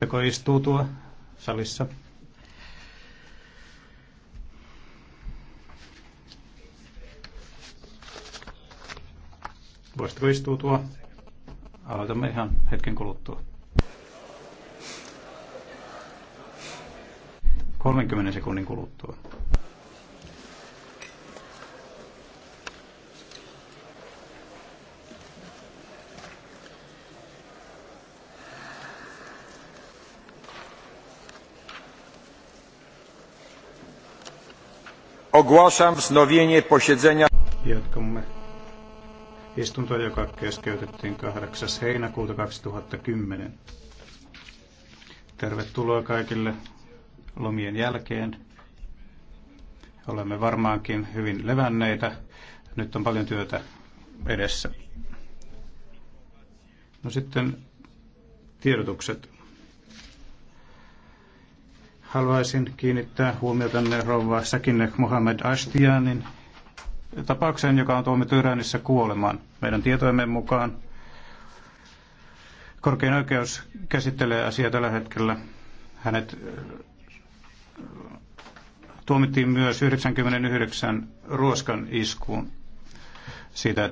Voitteko istuutua salissa? Voisitko istuutua? Aloitamme ihan hetken kuluttua. 30 sekunnin kuluttua. Ogłaszam wznowienie posiedzenia. Jatkamme istuntoa, joka keskeytettiin 8. heinäkuuta 2010. Tervetuloa kaikille lomien jälkeen. Olemme varmaankin hyvin levänneitä. Nyt on paljon työtä edessä. No sitten tiedotukset. Haluaisin kiinnittää huomiota rouva Sakinek Mohamed Ashtianin tapaukseen, joka on tuomittu Iranissa kuolemaan. Meidän tietojemme mukaan korkein oikeus käsittelee asiaa tällä hetkellä. Hänet tuomittiin myös 99 ruoskan iskuun siitä,